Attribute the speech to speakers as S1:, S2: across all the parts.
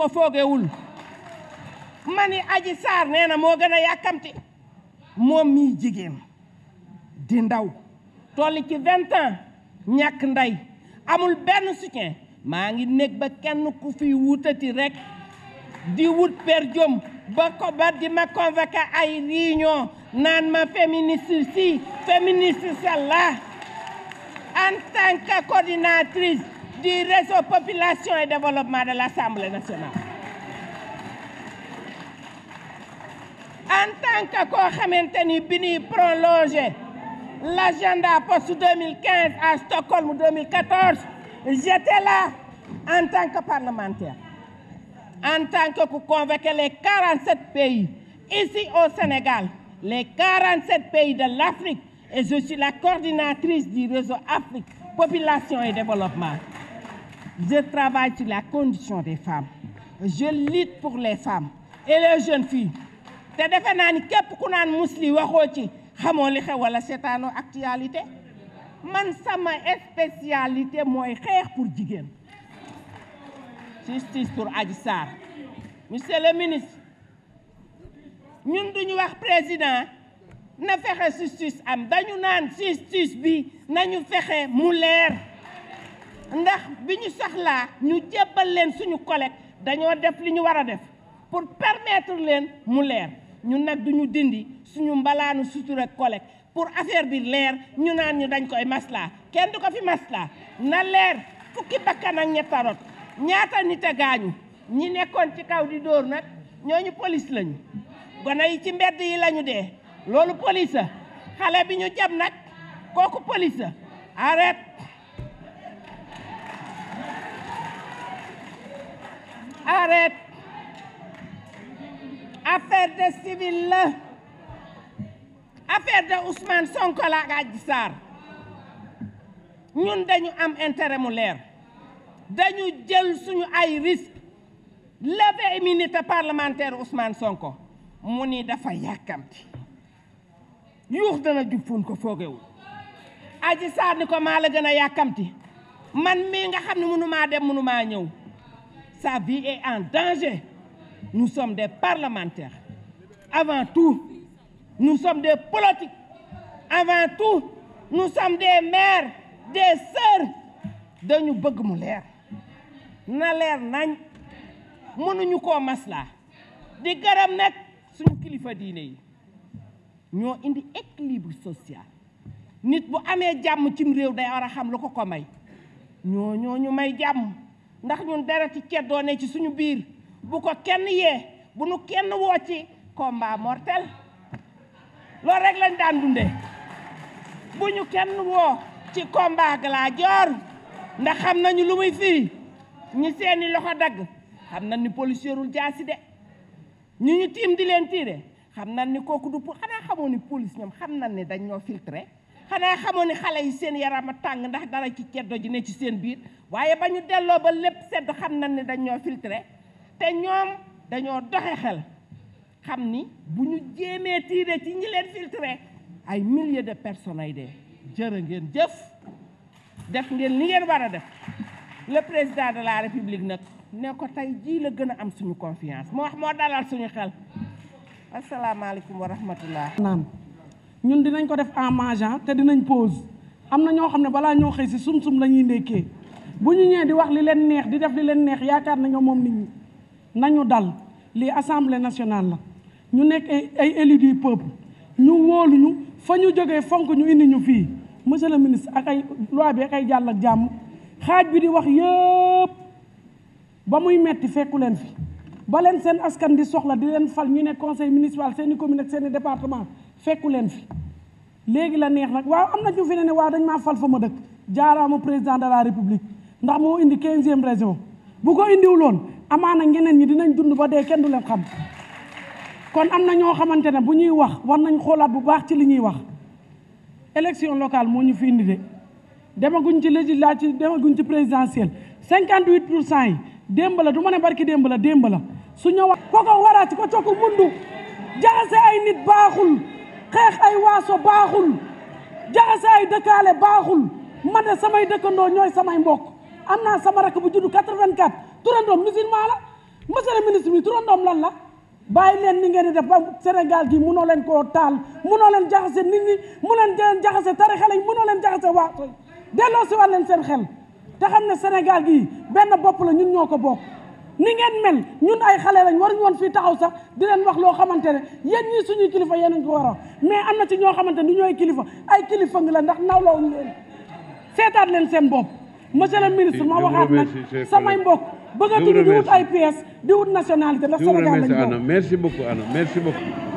S1: ko foogewul ma ni Adji Sarr nee na moo gën a yàkkamti moom mii jigéen di ndaw tolli ci vingt ans ñàkk ndey amul benn soutien maa ngi nekk ba kenn ku fi wutati rek di wut per jom ba ko ba di ma convoqué ay réunion naan ma féministe si la en tant du réseau population et développement de l'Assemblée nationale en tant que koo xamante ni bi ñuy prolonger l'agenda post 2015 à Stockholm 2014 j'étais là en tant que en tant que ku convoqué les 47 pays les 47 pays de l'Afrique et je suis développement Je travaille sur la condition des femmes. Je lutte pour les femmes et les jeunes filles. te defe naan ni képp ku naan musli waxoo ci xamoo li xew wala seetaanoo actualité man sama spécialité mooy xeex pour jigéen justice pour Adji Sarr monsieur le ministre ñun duñu wax président na fexe justice am dañu naan justice bi nañu fexe mu leer ndax bi ñu soxlaa ñu jébbal leen suñu collecte dañoo def li ñu war a def pour permettre leen mu leer ñun nag duñu dindi suñu mbalaanu sutura kolek pour affaire bi leer ñu naan ñu dañ koy maslaa kenn du ko fi maslaa na leer fukki bakkan ak ñetta rot ñaata nit a gaañu ñi nekkoon ci kaw di dóor nag ñooñu police lañu gone yi ci mbedd yi lañu dee loolu police a xale bi ñu jam nag kooku police a arrête arrête affaire de civil la affaire de Ousmane Sonko la ak Adji Sarr ñun dañu am intérêt mu leer dañu jël suñu ay risque lever immunité parlementaire Ousmane Sonko mu nii dafa yàkkamti yuux dana jub ko foogewul Adji Sarr ni ko maa la gën a yàkkamti man mii nga xam ne mënumaa dem mënumaa ñëw sa vie et en danger. Nous sommes des parlementaires. Avant tout, nous sommes des politiques. Avant tout, nous sommes des mères, des sœurs dañu bëgg mu leer na leer nañ mënuñu koo maslaa di gërëm nag suñu kilifa diine yi ñoo indi équilibre social nit bu amee jàmm cim réew day a xam lu ko ko may ñoo ñoo ñu may jàmm ndax ñun dara ci ceddoo ne ci suñu biir bu ko kenn yee bu ñu kenn woo ci combat mortel loolu rek lañ daan dunde bu ñu kenn woo ci combat gladiateur ndax xam nañu lu muy firi ñi seeni loxo dagg xam na ni police yorul jaasi de ñu ñu tiim di leen tiire xam na ni kooku du pour xanaa xamoo ni police ñoom xam na ni dañ ñoo filtré xanaa xamoon ni xale yi seen yaram a tàng ndax dara ci ceddo ji ne ci seen biir waaye ba ñu delloo ba lépp sedd xam na ne dañoo ñoo filtré te ñoom dañoo doxe xel xam ni bu ñu jéemee tiire ci ñi leen filtré ay milliers de personnes de jër a ngeen jëf def ngeen li ngeen war a def le président de la république nag ne ko tey jii la gën a am suñu confiance
S2: moo wax moo dalal suñu xel
S1: asalaamaaleykum wa rahmatullah
S2: naam ñun dinañ ko def en magent te dinañ pause am na ñoo xam ne balaa ñoo xëy si sum-sum la ñuy ndekkee bu ñu ñëwee di wax li leen neex di def li leen neex yaakaar nañoo moom nit ñi nañu dal lii assemblée nationale la ñu nekk ay élus du peuple ñu wóolu ñu fa ñu jógee fonk ñu indi ñu fii monsieur le ministre ak ay loi bi ak ay jàll ak jàmm xaaj bi di wax yëpp ba muy metti fekku leen fi ba leen seen askan di soxla di leen fal ñu ne conseil municipal seeni i commune ak seen i département fekku leen fi léegi la neex nag waaw am na ñu fi ne ne waaw dañ maa fal fa ma dëkk jaaraama président de la république ndax moo indi quinzième région bu ko indiwuloon amaana ñeneen ñi dinañ dund ba dee kenn du leen xam kon am na ñoo xamante ne bu ñuy wax war nañ xoolaat bu baax ci li ñuy wax élection locale moo ñu fi indi de demaguñ ci législative demaguñ ci présidentielle cinquante huit pour cent yi démb la du ma ne barki démb la démb la su ñëwaat ko ko waraat ko cokku mundu jaxase ay nit baaxul xeex ay waaso baaxul jaxase ay dëkkaale baaxul man de samay dëkkandoo ñooy samay mbokk am naa sama rakk bu juddu 84 turandoom musulman la monsieur le ministre bi turandoom lan la bàyyi leen ni ngeen di def ba Sénégal gi mënoo leen koo taal mënoo leen jaxase nit ñi mënoo leen jaxase tarixa lañ mënoo leen jaxase waaso delloo si waat leen seen xel te xam ne Sénégal gi benn bopp la ñun ñoo ko bokk ni ngeen mel ñun ay xale lañ waruñu woon fii taxaw sax di leen wax loo xamante ne yéen ñii suñuy kilifa yéen a war a mais am na ci ñoo xamante ni ñooy kilifa ay kilifa ngi la ndax nawlawuñu leen seetaat leen seen bopp monsieur le ministre ma waxaat nag samay mbokk bëgg a tudd di wut ay pièces di wut nationalité ndax Sénégal lañ merci beaucoup Anna merci beaucoup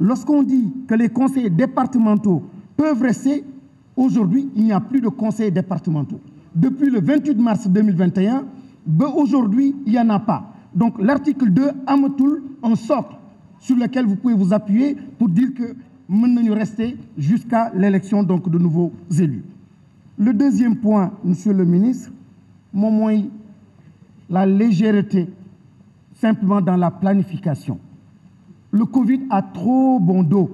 S3: Lorsqu'on dit que les conseils départementaux peuvent rester, aujourd'hui, il n'y a plus de conseils départementaux. Depuis le 28 mars 2021, aujourd'hui, il n'y en a pas. Donc l'article 2, Amatoul, un socle sur lequel vous pouvez vous pour dire que nous rester jusqu'à l'élection donc de nouveaux élus. Le deuxième point, Monsieur le ministre, moi, la légèreté simplement dans la planification. le Covid a trop bon dos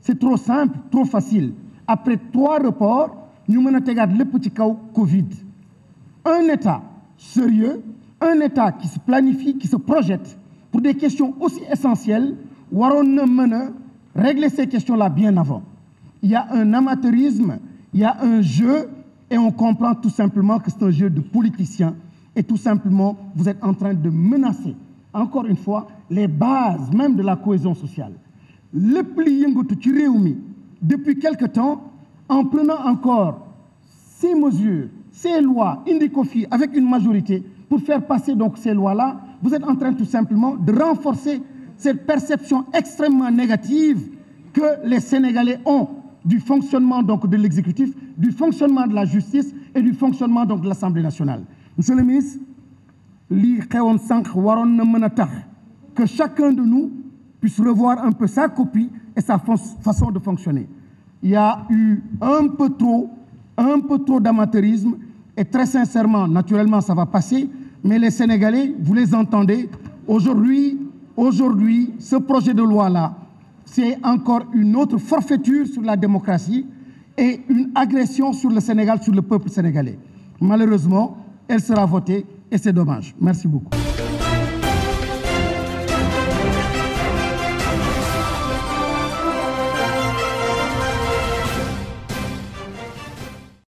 S3: c'est trop simple trop facile après trois reports ñu mën a tegaat lépp ci kaw Covid un État sérieux un État qui se planifie qui se projette pour des questions aussi essentielles waroon na mën a régler ces questions-là bien avant il y a un amateurisme il y a un jeu et on comprend tout simplement que c'est un jeu de politiciens et tout simplement vous êtes en train de menacer encore une fois les bases même de la cohésion sociale lépp li yëngatu ci réew mi depuis quelque temps en prenant encore ces mesures ces lois indi ko fii avec une majorité pour faire passer donc ces lois-là vous êtes en train tout simplement de renforcer cette perception extrêmement négative que les Sénégalais ont du fonctionnement donc de l'exécutif du fonctionnement de la justice et du fonctionnement donc de l'Assemblée nationale monsieur le ministre lii xewoon sànq waroon na mën a tax que chacun de nous puisse revoir un peu sa copie et sa façon de fonctionner. Il y a eu un peu trop, un peu trop d'amateurisme et très sincèrement, naturellement, ça va passer, mais les Sénégalais, vous les entendez, aujourd'hui, ce projet de loi-là, c'est encore une autre forfaiture sur la démocratie et une agression sur le Sénégal, sur le peuple sénégalais. Malheureusement, elle sera votée et c'est dommage. Merci beaucoup.